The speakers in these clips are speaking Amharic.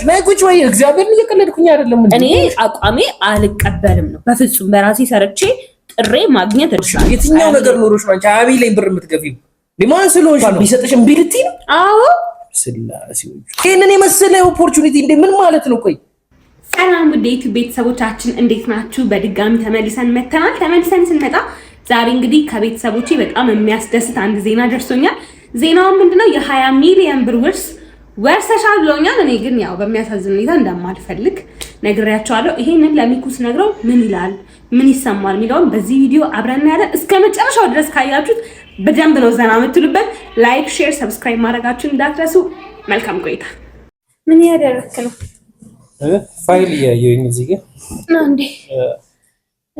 ነሽ። ነይ ቁጭ ወይ። እግዚአብሔርን እየቀለድኩኝ አይደለም። እኔ አቋሜ አልቀበልም ነው በፍጹም። በራሴ ሰርቼ ጥሬ ማግኘት እርሳ። የትኛው ነገር ኖሮሽ ነው አንቺ አቢ ላይ ብር የምትገፊው? ሊማን ስለሆንሽ ነው ቢሰጥሽ እምቢ ልትይ ነው? አዎ ስላሴ፣ ይህንን የመሰለ ኦፖርቹኒቲ እንዴ! ምን ማለት ነው? ቆይ ሰላም ውዴት ቤተሰቦቻችን እንዴት ናችሁ? በድጋሚ ተመልሰን መተናል። ተመልሰን ስንመጣ ዛሬ እንግዲህ ከቤተሰቦቼ በጣም የሚያስደስት አንድ ዜና ደርሶኛል። ዜናውን ምንድነው? የሀያ ሚሊዮን ብር ውርስ ወርሰሻል ብለውኛል። እኔ ግን ያው በሚያሳዝን ሁኔታ እንደማልፈልግ ነግሬያቸዋለሁ። ይሄንን ለሚኩስ ነግረው ምን ይላል ምን ይሰማል የሚለውን በዚህ ቪዲዮ አብረን እናያለን። እስከ መጨረሻው ድረስ ካያችሁት በደንብ ነው ዘና የምትሉበት። ላይክ፣ ሼር፣ ሰብስክራይብ ማድረጋችሁን እንዳትረሱ። መልካም ቆይታ። ምን ያደረክ ነው? ፋይል እያየሁኝ እዚህ ጋር ነው እንዴ?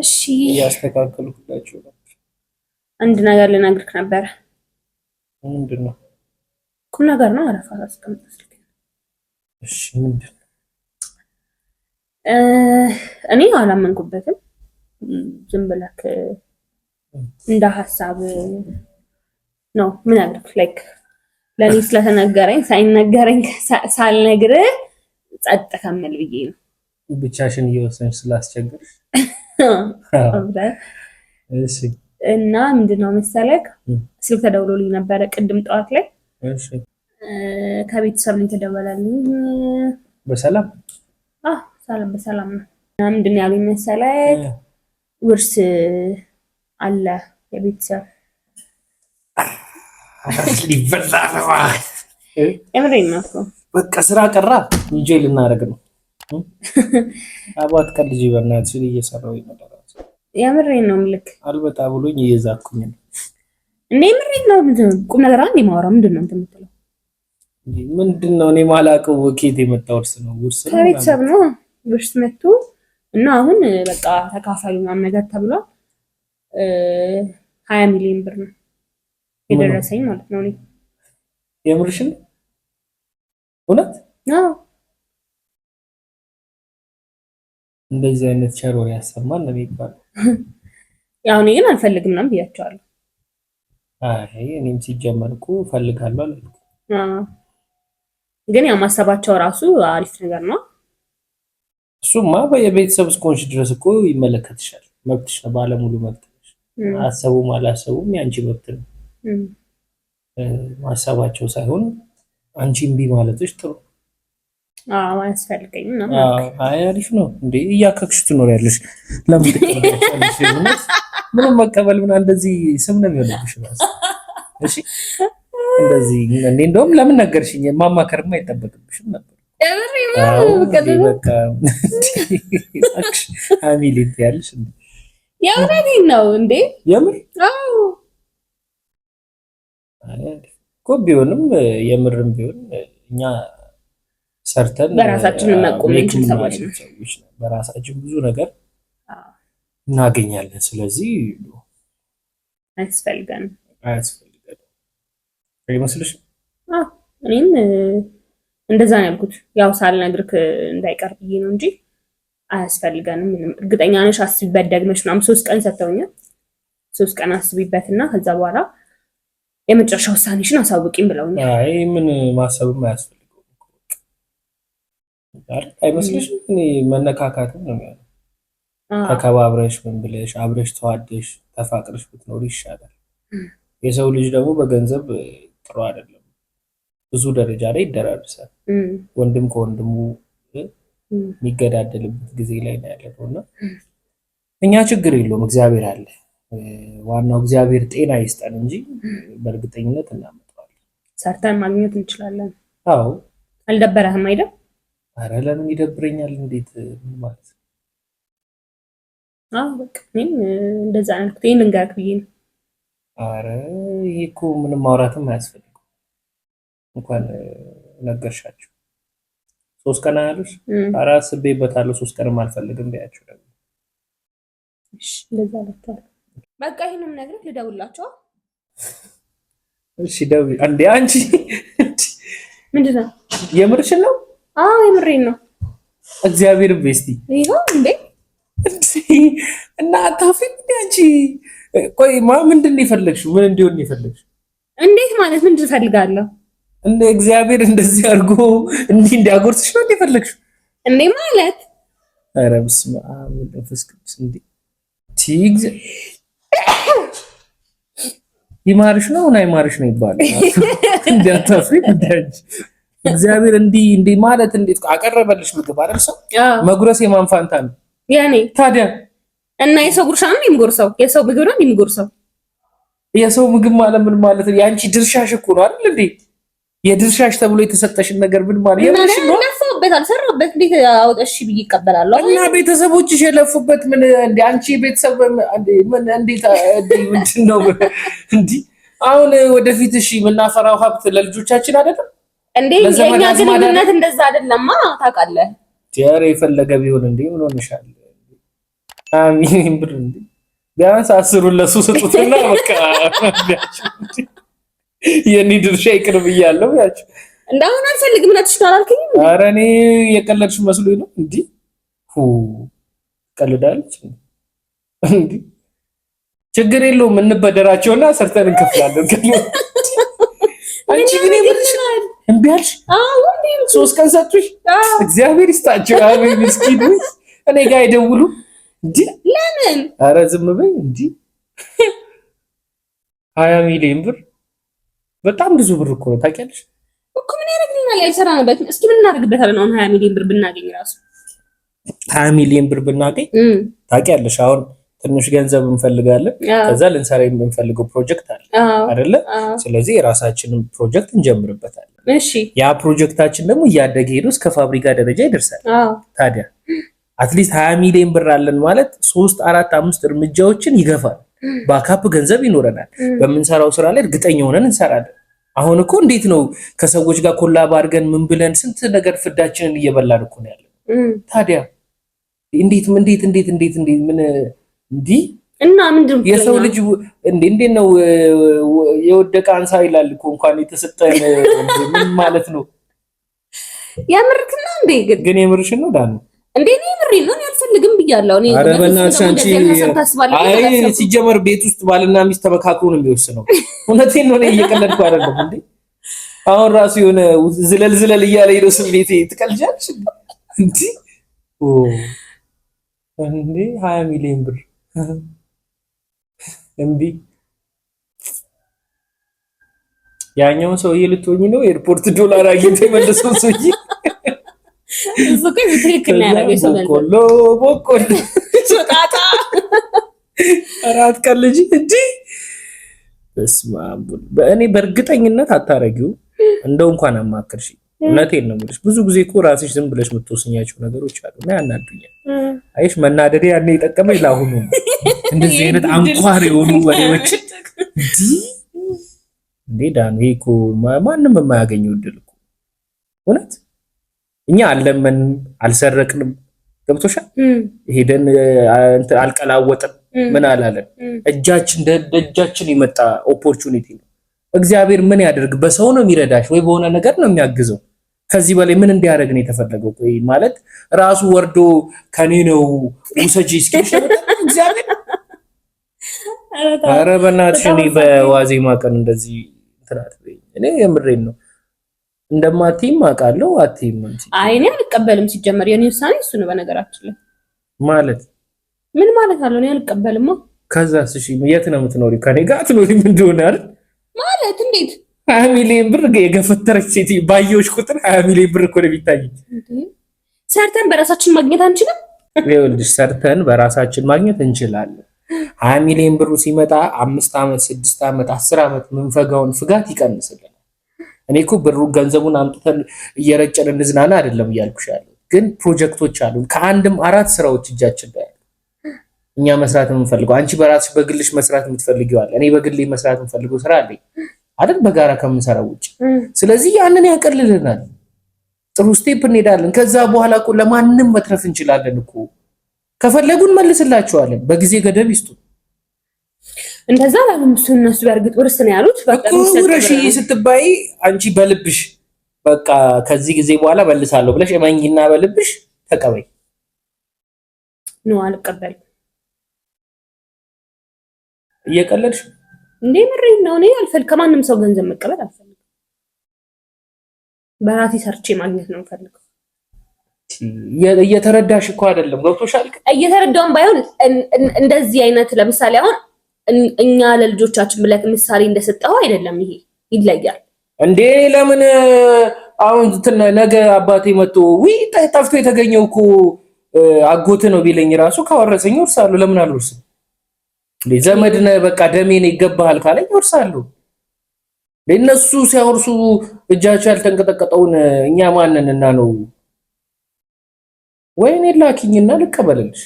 እሺ፣ እያስተካከልኩላችሁ አንድ ነገር ልነግርህ ነበረ። ምንድን ነው ቁም ነገር ነው። አረፋ አስቀምጠ ስልክ እኔ አላመንኩበትም። ዝም ብለክ እንደ ሀሳብ ነው ምን አድርግ ላይክ ለእኔ ስለተነገረኝ ሳይነገረኝ ሳልነግር ጸጥ ከምል ብዬ ነው። ብቻሽን እየወሰንሽ ስላስቸግር እና ምንድነው መሰለክ ስልክ ተደውሎልኝ ነበረ ቅድም ጠዋት ላይ ከቤተሰብ ነው የተደወለልኝ። በሰላም ሰላም በሰላም ነው። ምንድን ነው ያሉኝ መሰለህ? ውርስ አለ የቤተሰብ ሊበላ ነው። የምሬን ነው በቃ ስራ ቀራ ልጄ ልናደርግ ነው። አባት ቀን ልጅ በእናት እየሰራው ይመጣል። የምሬን ነው ምልክ አልበጣ ብሎኝ እየዛኩኝ ነው እንደ የምሬን ነው ቁም ነገር አንድ ማውራ ምንድን ነው ምንድን ነው? እኔ ማላውቀው ኬት የመጣ ውርስ ነው? ውርስ ከቤተሰብ ነው ውርስ መጥቶ እና አሁን በቃ ተካፋዩ ምናምን ነገር ተብሏል። ሀያ ሚሊዮን ብር ነው የደረሰኝ ማለት ነው። እኔ የምርሽን እውነት እንደዚህ አይነት ቸር ወሬ ያሰማል ነው የሚባለው። ያው እኔ ግን አልፈልግም ምናምን ብያቸዋለሁ። እኔም ሲጀመርኩ እኮ እፈልጋለሁ አላልኩም። ግን ያው ማሰባቸው ራሱ አሪፍ ነገር ነው። እሱማ በየቤተሰብ እስከሆንሽ ድረስ እኮ ይመለከትሻል። መብትሽ ነው፣ ባለሙሉ መብትሽ። አሰቡም አላሰቡም የአንቺ መብት ነው። ማሰባቸው ሳይሆን አንቺ እምቢ ማለትሽ ጥሩ አያስፈልገኝም አሪፍ ነው እንዴ! እያከክሽ ትኖሪያለሽ። ለምን ምንም መቀበል ምን እንደዚህ ስም ነው የሚሆንብሽ። እሺ እንደዚህ እንዴ እንደውም ለምን ነገርሽኝ? ማማከርማ አይጠበቅብሽም ነበር። ሀሚሌት ያለሽ የእውነቴን ነው እንዴ? የምር እኮ ቢሆንም የምርም ቢሆን እኛ ሰርተን በራሳችን እናቆም ሰዎች በራሳችን ብዙ ነገር እናገኛለን። ስለዚህ አያስፈልገንም። አይመስልሽ? እኔም እንደዛ ነው ያልኩት። ያው ሳልነግርክ እንዳይቀር ብዬ ነው እንጂ አያስፈልገንም። ምንም እርግጠኛ ነሽ? አስቢበት ደግመሽ ምናምን። ሶስት ቀን ሰጥተውኛል። ሶስት ቀን አስቢበት እና ከዛ በኋላ የመጨረሻ ውሳኔሽን አሳውቂኝ ብለውኛል። አይ ምን ማሰብም አያስፈልግም አይመስልሽም? እኔ መነካካትም ነው የሚሆነው። ተከባብረሽ ምን ብለሽ አብረሽ ተዋደሽ ተፋቅረሽ ብትኖር ይሻላል። የሰው ልጅ ደግሞ በገንዘብ ጥሩ አይደለም። ብዙ ደረጃ ላይ ይደራርሳል። ወንድም ከወንድሙ የሚገዳደልበት ጊዜ ላይ ነው ያለነው እና እኛ ችግር የለውም እግዚአብሔር አለ። ዋናው እግዚአብሔር ጤና ይስጠን እንጂ በእርግጠኝነት እናመጣዋለን። ሰርተን ማግኘት እንችላለን። አዎ አልደበረህም አይደል? አረ ለምን ይደብረኛል? እንዴት ማለት ነው? አዎ በቃ እኔም እንደዛ አይነት ልንገርህ ብዬ ነው አረ ይሄ እኮ ምንም ማውራትም አያስፈልግም። እንኳን ነገርሻቸው። ሶስት ቀን አያሉሽ? አረ አስቤበታለሁ፣ ሶስት ቀንም አልፈልግም ቢያቸው ደግሞ እሺ፣ እንደዛ ለታል። በቃ ይሄንም ነገር ልደውላቸው። እሺ ደውይ። አንዴ አንቺ ምንድን ነው የምርሽን ነው? አዎ የምሬን ነው። እግዚአብሔር ቤስቲ ይሄው እንዴ እና አታፍሪም እንዴ አንቺ? ቆይ ማ ምንድን ነው የፈለግሽው? ምን እንዲሆን ነው የፈለግሽው? እንዴት ማለት ምንድን እፈልጋለሁ? እንደ እግዚአብሔር እንደዚህ አድርጎ እንዲህ እንዲያጎርስሽ ነው የፈለግሽው? እንዴ ማለት ኧረ በስመ አብ ወወልድ ወመንፈስ ቅዱስ እንዴ ቲግ ይማርሽ ነው እና ይማርሽ ነው ይባላል። እንዴ እንዳታፍሪ እንዳጅ እግዚአብሔር እንዲህ እንዲህ ማለት እንዴት አቀረበልሽ ምግብ አይደል? ሰው መጉረስ የማን ፋንታ ነው? ያኔ ታዲያ እና የሰው ጉርሻ ነው የሚጎርሰው፣ የሰው ምግብ ነው የሚጎርሰው። የሰው ምግብ ማለት ምን ማለት ነው? የአንቺ ድርሻሽ እኮ ነው አይደል እንዴ? የድርሻሽ ተብሎ የተሰጠሽን ነገር ምን ማለት ነው? ለፉበታል፣ ሰራበት፣ ቤት አውጠሽ ብዬ ይቀበላለሁ እና ቤተሰቦችሽ የለፉበት ምን እንዴ? አንቺ ቤተሰብ ምን እንዴት ምንድን ነው አሁን ወደፊት እሺ የምናፈራው ሀብት ለልጆቻችን አይደለም እንዴ? የኛ ግንኙነት እንደዛ አይደለማ ታውቃለህ። የፈለገ ቢሆን እንዴ ምን ሆነሻል? ሚሊዮን ብር ቢያንስ አስሩን ለሱ ስጡትና በቃ የኔ ድርሻ ይቅርብ እያለው ያቸው እንዳሁን አልፈልግ ምነትሽ ታላልክኝ። አረ እኔ የቀለድሽ መስሎኝ ነው። እንዲህ ቀልዳለች። እንዲህ ችግር የለውም እንበደራቸውና ሰርተን እንከፍላለን። አንቺ ግን እምቢ አልሽ። ሶስት ቀን ሰጡሽ። እግዚአብሔር ይስጣቸው። ምስኪን እኔ ጋር አይደውሉም ለምን? አረ ዝም በይ። እንጂ ሀያ ሚሊዮን ብር በጣም ብዙ ብር እኮ ነው ታውቂያለሽ እኮ ምን ያደርግልናል? ያልሰራንበት እስኪ ምን እናደርግበታለን? አሁን ሀያ ሚሊዮን ብር ብናገኝ ራሱ ሀያ ሚሊዮን ብር ብናገኝ ታውቂያለሽ አሁን ትንሽ ገንዘብ እንፈልጋለን። ከዛ ልንሰራ የምንፈልገው ፕሮጀክት አለ አይደለ? ስለዚህ የራሳችንን ፕሮጀክት እንጀምርበታለን። ያ ፕሮጀክታችን ደግሞ እያደገ ሄዶ እስከ ፋብሪካ ደረጃ ይደርሳል። ታዲያ አትሊስት 20 ሚሊዮን ብር አለን ማለት ሶስት አራት አምስት እርምጃዎችን ይገፋል። ባካፕ ገንዘብ ይኖረናል። በምንሰራው ስራ ላይ እርግጠኛ ሆነን እንሰራለን። አሁን እኮ እንዴት ነው ከሰዎች ጋር ኮላብ አድርገን ምን ብለን ስንት ነገር ፍዳችንን እየበላን እኮ ነው ያለን። ታዲያ እንዴት እንዴት እንዴት እንዴት እንዴት ምን እንዲህ እና ምንድን የሰው ልጅ እንዴት ነው የወደቀ አንሳ ይላል እኮ እንኳን የተሰጠን ምን ማለት ነው? የምርክ እንዴ? ግን የምርሽ ነው ዳን እንዴ እኔ ነው ብያለሁ። እኔ አይ ሲጀመር ቤት ውስጥ ባልና ሚስት ተመካክሮ ነው የሚወስነው። እውነቴን ነው፣ እኔ እየቀለድኩ አይደለም። እንዴ አሁን ራሱ የሆነ ዝለል ዝለል እያለ ሄዶ ስሜቴ ትቀልጃለሽ እንዴ ኦ እንዴ ሚሊዮን ብር እምቢ። ያኛውን ሰውዬ ልትሆኝ ነው ኤርፖርት ዶላር አግኝቶ የመለሰው ሰውዬ በቆሎ በቆሎ ሾጣጣ አራት ቀን ልጅ እንዲህ በእርግጠኝነት አታረጊው። እንደው እንኳን አማክርሽ፣ እውነቴን ነው የምልሽ። ብዙ ጊዜ እኮ ራስሽ ዝም ብለሽ የምትወስኛቸው ነገሮች አሉ እና ያናዱኛል። አይሽ መናደድ ያኔ የጠቀመኝ ለአሁኑ እንደዚህ አይነት አንኳር የሆኑ ወሬዎች እንዴ ዳኑ፣ ይሄ እኮ ማንም የማያገኘው እድል እኮ እውነት እኛ አልለመንም፣ አልሰረቅንም። ገብቶሻል? ሄደን አልቀላወጥን፣ ምን አላለን። እጃችን እጃችን የመጣ ኦፖርቹኒቲ ነው። እግዚአብሔር ምን ያደርግ፣ በሰው ነው የሚረዳሽ ወይ በሆነ ነገር ነው የሚያግዘው። ከዚህ በላይ ምን እንዲያደርግ ነው የተፈለገው? ቆይ ማለት ራሱ ወርዶ ከኔ ነው ውሰጂ እስኪልሽ እግዚአብሔር። ኧረ በእናትሽ እኔ በዋዜማ ቀን እንደዚህ ትናት እኔ የምሬን ነው እንደማትይም አውቃለሁ። አትይም እንጂ አይ እኔ አልቀበልም። ሲጀመር የኔ ውሳኔ እሱ ነው። በነገራችን ላይ ማለት ምን ማለት አለው? እኔ አልቀበልማ። ከዛስ? እሺ የት ነው የምትኖሪ? ከኔ ጋር አትኖሪ? ምን እንደሆነ አይደል? ማለት እንዴት ሀያ ሚሊዮን ብር የገፈተረች ሴት ባየሁሽ ቁጥር ሀያ ሚሊዮን ብር እኮ ነው የሚታይ። ሰርተን በራሳችን ማግኘት አንችልም? ይኸውልሽ ሰርተን በራሳችን ማግኘት እንችላለን። ሀያ ሚሊዮን ብሩ ሲመጣ አምስት ዓመት ስድስት ዓመት አስር ዓመት ምንፈጋውን ፍጋት ይቀንስልን። እኔ እኮ ብሩ ገንዘቡን አምጥተን እየረጨን እንዝናና አይደለም እያልኩሽ ያለ ግን ፕሮጀክቶች አሉ። ከአንድም አራት ስራዎች እጃችን ላይ እኛ መስራት የምንፈልገው አንቺ በራስሽ በግልሽ መስራት የምትፈልጊዋል። እኔ በግሌ መስራት የምፈልገው ስራ አለ አይደል? በጋራ ከምንሰራው ውጭ። ስለዚህ ያንን ያቀልልናል። ጥሩ ስቴፕ እንሄዳለን። ከዛ በኋላ እኮ ለማንም መትረፍ እንችላለን እኮ ከፈለጉን መልስላቸዋለን። በጊዜ ገደብ ይስጡ። እንደዛ ላሉም እሱ እነሱ በእርግጥ ውርስ ነው ያሉት ውረሽ ስትባይ አንቺ በልብሽ በቃ ከዚህ ጊዜ በኋላ መልሳለሁ ብለሽ እመኝና በልብሽ ተቀበይ። ኖ አልቀበልም። እየቀለድሽ እንዴ? ምሬት ነው። እኔ አልፈል ከማንም ሰው ገንዘብ መቀበል አልፈልግም። በራሴ ሰርቼ ማግኘት ነው የምፈልገው። እየተረዳሽ እኮ አይደለም ገብቶሻል። እየተረዳውም ባይሆን እንደዚህ አይነት ለምሳሌ አሁን እኛ ለልጆቻችን ብለህ ምሳሌ እንደሰጠው አይደለም። ይሄ ይለያል እንዴ? ለምን አሁን ነገ አባቴ መጥቶ ውይ ጠፍቶ የተገኘው እኮ አጎት ነው ቢለኝ ራሱ ካወረሰኝ ወርሳለሁ። ለምን አልወርስም? ዘመድ ነህ በቃ ደሜን ነው ይገባሃል ካለኝ ወርሳለሁ። እነሱ ሲያወርሱ እጃቸው ያልተንቀጠቀጠውን እኛ ማንንና ነው? ወይኔ ላኪኝና ልቀበልልሽ።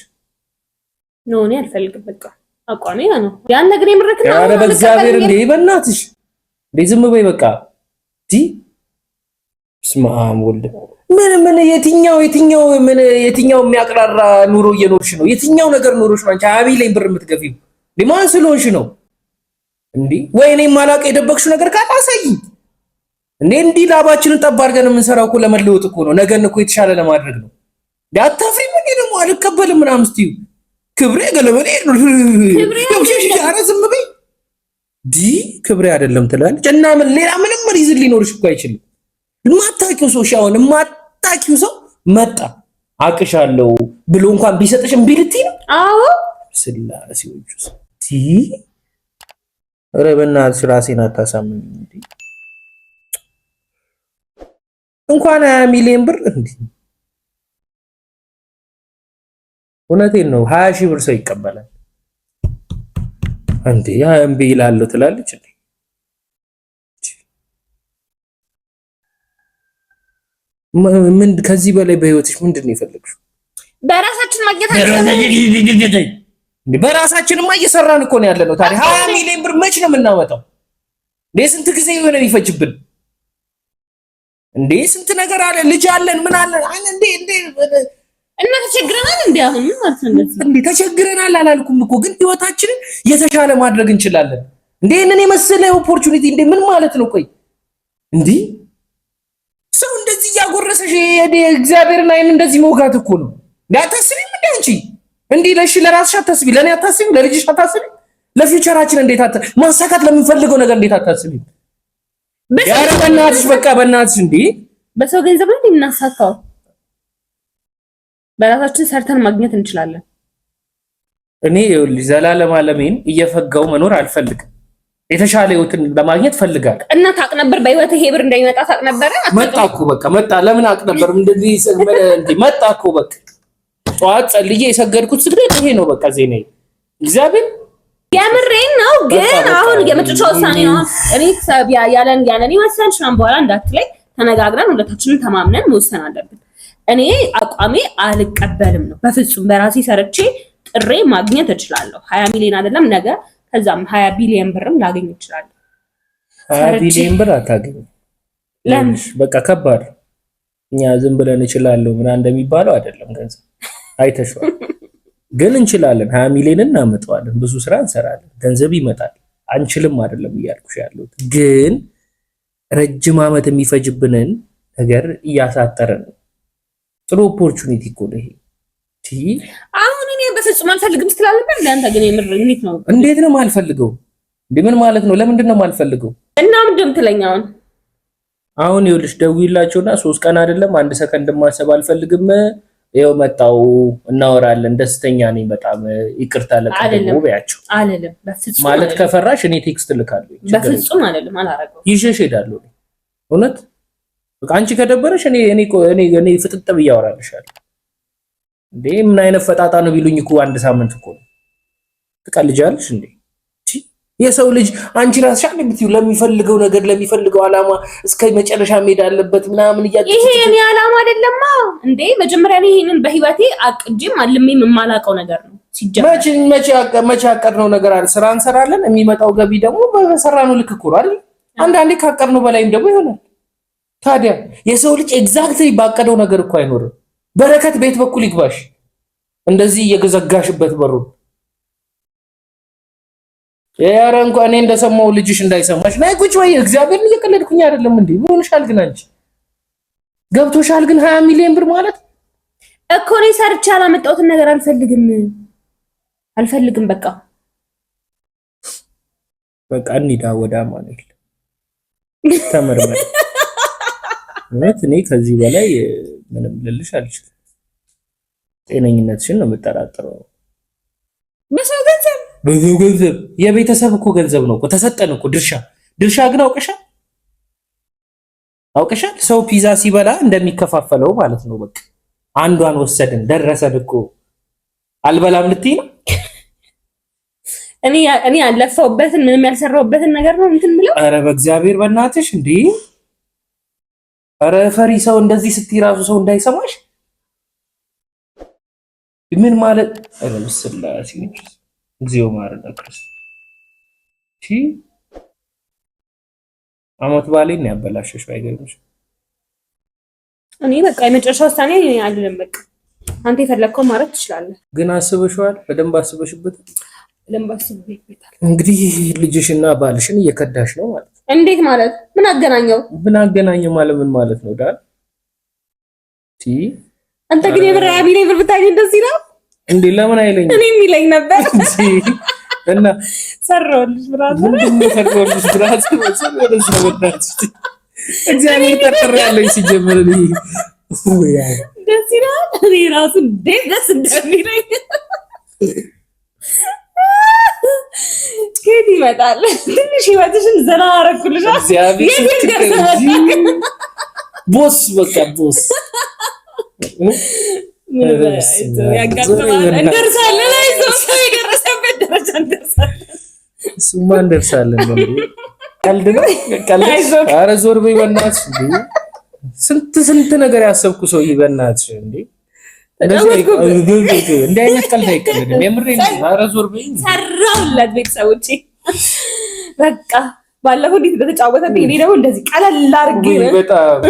ኖ እኔ አልፈልግም በቃ አቋሜ ነው። ያን ነገር የምረክ ነው። አረ በእግዚአብሔር እንዴ! በእናትሽ እንዴ! ዝም በይ በቃ። ዲ ስማ ወልድ ምን ምን የትኛው የትኛው ምን የትኛው የሚያቅራራ ኑሮ እየኖርሽ ነው? የትኛው ነገር ኑሮሽ ነው? አንቺ ላይ ብር የምትገፊው ማን ስለሆንሽ ነው? እንዴ ወይ እኔ ማላቅ የደበቅሽው ነገር ካለ አሳይኝ። እንዴ እንዲህ ላባችንን ጠብ አድርገን የምንሰራው እኮ ለመለወጥ እኮ ነው። ነገን እኮ የተሻለ ለማድረግ ነው። አታፍሪም እንዴ ደግሞ አልቀበልም ምናምን ክብሬ ገለበኔ ዝም በይ ዲ ክብሬ አይደለም ትላለች። እና ምን ሌላ ምንም ሪዝን ሊኖርሽ እኮ አይችልም። የማታውቂው ሰው ሻውን የማታውቂው ሰው መጣ አቅሻለሁ ብሎ እንኳን ቢሰጥሽ እምቢ ልትይ ነው? አዎ ስላሴዎቹ ዲ ኧረ በእናትሽ ራሴን አታሳምኝ። እንኳን ሀያ ሚሊዮን ብር እንዴ እውነቴን ነው። ሀያ ሺህ ብር ሰው ይቀበላል እንዴ? ያ እምቢ ይላሉ ትላለች እንዴ? ምን ከዚህ በላይ በህይወትሽ ምንድን ነው የፈለግሽው? በራሳችን ማግኘታችን በራሳችንማ እየሰራን እኮ ነው ያለ ነው። ታዲያ ሀያ ሚሊዮን ብር መች ነው የምናመጣው? እንዴ ስንት ጊዜ የሆነ ይፈጅብን እንዴ? ስንት ነገር አለ። ልጅ አለን ምን አለን እንዴ እንዴ እና ተቸግረናል እንዴ? አሁን ማለት ነው? ተቸግረናል አላልኩም እኮ ግን ህይወታችንን የተሻለ ማድረግ እንችላለን እንዴ? እነኔ የመሰለ ኦፖርቹኒቲ እንዴ! ምን ማለት ነው? ቆይ እንዴ ሰው እንደዚህ እያጎረሰሽ እዴ እግዚአብሔርን አይን እንደዚህ መውጋት እኮ ነው እንዴ? አታስቢም እንዴ አንቺ እንዴ? ለሺ ለራስሽ አታስቢ፣ ለኔ አታስቢ፣ ለልጅሽ አታስቢ፣ ለፊውቸራችን እንዴት አታ ማሳካት ለምንፈልገው ነገር እንዴት አታስቢ? ኧረ በእናትሽ በቃ በእናትሽ እንዴ! በሰው ገንዘብ ላይ እናሳካው በራሳችን ሰርተን ማግኘት እንችላለን። እኔ ዘላለም አለሜን እየፈጋው መኖር አልፈልግም። የተሻለ ህይወትን ለማግኘት ፈልጋለሁ። እና ታቅ ነበር በህይወት ሄብር ብር እንደሚመጣ ታቅ ነበር። መጣ እኮ በቃ መጣ። ለምን አቅ ነበር እንደዚህ መጣ እኮ በቃ። ጠዋት ጸልዬ የሰገድኩት ስግደት ይሄ ነው በቃ ዜና እግዚአብሔር የምሬን ነው። ግን አሁን የመጨረሻ ውሳኔ ነው። እኔ ያለን ያለን ይመስላል ሽናም በኋላ እንዳትለይ ተነጋግረን ሁለታችንን ተማምነን መወሰን አለብን። እኔ አቋሜ አልቀበልም ነው። በፍጹም በራሴ ሰርቼ ጥሬ ማግኘት እችላለሁ። ሀያ ሚሊዮን አይደለም ነገ ከዛም ሀያ ቢሊዮን ብርም ላገኝ እችላለሁ። ሀያ ቢሊዮን ብር አታገኝም። ለምን? በቃ ከባድ። እኛ ዝም ብለን እችላለሁ ምና እንደሚባለው አይደለም። ገንዘብ አይተሸዋል ግን እንችላለን። ሀያ ሚሊዮን እናመጣዋለን። ብዙ ስራ እንሰራለን። ገንዘብ ይመጣል። አንችልም አይደለም እያልኩሽ ያለሁት ግን ረጅም ዓመት የሚፈጅብንን ነገር እያሳጠረ ነው ጥሩ ኦፖርቹኒቲ እኮ ነው ይሄ። አሁን እኔ በፍጹም አልፈልግም ስትላለበት ለአንተ ግን የምር እንዴት ነው እንዴት ነው የማልፈልገው? እንደ ምን ማለት ነው? ለምንድን ነው የማልፈልገው? እና ምንድን ነው አሁን? አሁን ይኸውልሽ ደውይላቸውና ሶስት ቀን አይደለም አንድ ሰከንድ ማሰብ አልፈልግም። ይኸው መጣው እናወራለን። ደስተኛ ነኝ በጣም ይቅርታ ለቀደሙ በያቸው አለለም። በፍጹም ማለት ከፈራሽ እኔ ቴክስት ልካለሁ። በፍጹም አለለም። አላረገው ይዤሽ እሄዳለሁ እውነት በቃ አንቺ ከደበረሽ እኔ እኔ እኔ ፍጥጥ ብዬ አወራልሻለሁ። እንዴ ምን አይነት ፈጣጣ ነው ቢሉኝ እኮ አንድ ሳምንት እኮ ነው። ትቀልጃለሽ እንዴ? የሰው ልጅ አንቺ ራስሽ አንድ የምትይው ለሚፈልገው ነገር ለሚፈልገው አላማ እስከ መጨረሻ መሄድ አለበት ምናምን እያ ይሄ እኔ አላማ አይደለማ እንዴ። መጀመሪያ ላይ ይሄንን በህይወቴ አቅጄም አልሜም የማላውቀው ነገር ነው። ሲጀመር መቼ ያቀድነው ነገር አለ። ስራ እንሰራለን፣ የሚመጣው ገቢ ደግሞ በሰራነው ልክ እኮ ነው አይደል? አንዳንዴ ካቀድነው በላይም ደግሞ ይሆናል። ታዲያ የሰው ልጅ ኤግዛክትሊ ባቀደው ነገር እኮ አይኖርም። በረከት ቤት በኩል ይግባሽ እንደዚህ እየገዘጋሽበት በሩን ኧረ እንኳን እኔ እንደሰማው ልጅሽ እንዳይሰማሽ ናይ ቁጭ ወይ እግዚአብሔርን እየቀለድኩኝ አይደለም እንዴ ሆንሻል ግን አንቺ ገብቶሻል ግን ሀያ ሚሊዮን ብር ማለት እኮ እኔ ሰርቼ አላመጣሁትን ነገር አልፈልግም አልፈልግም በቃ በቃ እንሂዳ ወዳ ማለት ተመርመር እውነት እኔ ከዚህ በላይ ምንም ልልሽ አልችልም። ጤነኝነትሽን ነው የምጠራጥረው። በሰው ገንዘብ በሰው ገንዘብ የቤተሰብ እኮ ገንዘብ ነው እኮ ተሰጠን እኮ ድርሻ ድርሻ ግን አውቀሻል አውቀሻል። ሰው ፒዛ ሲበላ እንደሚከፋፈለው ማለት ነው። በቃ አንዷን ወሰድን ደረሰን እኮ አልበላም ልትይ ነው። እኔ ያለፈውበትን ምንም ያልሰራውበትን ነገር ነው እንትን ብለው። ኧረ በእግዚአብሔር በእናትሽ እንዲህ ኧረ ፈሪ ሰው እንደዚህ ስትይ ራሱ ሰው እንዳይሰማሽ ምን ማለት ኧረ ምስላሴ እግዚኦ ማረነ ክርስቶስ አመት ባሌ ነው ያበላሸሽ ባይገርምሽ እኔ በቃ የመጨረሻ ውሳኔ አልልም በቃ አንተ የፈለግከው ማለት ትችላለህ ግን አስበሽዋል በደንብ አስበሽበት በደንብ አስበሽበታል እንግዲህ ልጅሽና ባልሽን እየከዳሽ ነው ማለት እንዴት ማለት ምን አገናኘው? ምን አገናኘው ማለት ምን ማለት ነው? ዳር ቲ አንተ ግን የብር አቢ ነው ብር ብታይ እንደዚህ ነው እንዴ? ለምን አይለኝ? እኔ የሚለኝ ነበር እና ሰራሁልሽ ብራዘር፣ ምንድነው ነው ብራዘር፣ ሰራሁልሽ ብራዘር። እግዚአብሔር ተጠራ ያለኝ ሲጀምር ነው ደስ ይላል። እኔ ራሱ ደስ እንደሚለኝ ይመጣል። ትንሽ ህይወትሽን ዘና ቦስ በቃ ቦስ እሱማ እንደርሳለን። ቀልድ ነው ዞር በይ በእናትሽ። ስንት ስንት ነገር ያሰብኩ ሰው በእናትሽ እንዲህ አይነት ቀልድ አይቀልድም። የምሬን ነው። ዞር በይ። ሰራሁላት ቤተሰቦቼ በቃ ባለፈው እንዴት በተጫወተ እኔ ደግሞ እንደዚህ ቀለል አድርጌ በጣም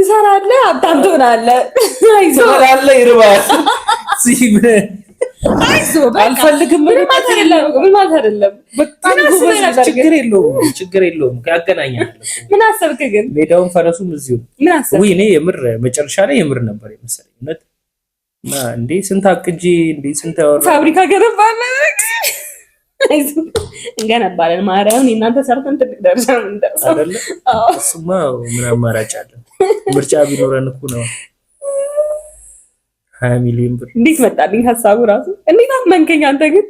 ትሰራለህ፣ ሀብታም ትሆናለህ። ትሰራለህ፣ ይርባል። አልፈልግም ችግር የለውም፣ ችግር የለውም። ያገናኛል። ምን አሰብክ ግን? ሜዳውን ፈረሱም እዚሁ። እኔ የምር መጨረሻ ላይ የምር ነበር የመሰለኝ እውነት እንዴ ስንት አቅጂ እንዴ ስንት ያወራ ፋብሪካ ገነባለ እንገነባለን። ማርያም እናንተ ሰርተን ትልቅ ደረጃ ምን አይደለ? እሱማ ምን አማራጭ አለ? ምርጫ ቢኖረን እኮ ነው። ሀያ ሚሊዮን ብር እንዴት መጣልኝ ሀሳቡ ራሱ እንዴት አመንከኝ አንተ ግን።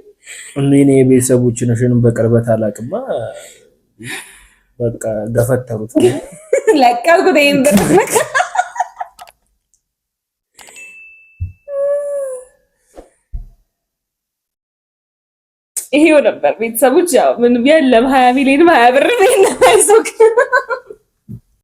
እኔ እኔ የቤተሰቦችሽን በቅርበት አላቅማ በቃ ገፈተሩት ለቀልኩ ደይን ብር ይሄው ነበር ቤተሰቦች፣ ያው ምንም የለም ሀያ ሚሊዮንም ሀያ ብር ቤት ነው አይዞህ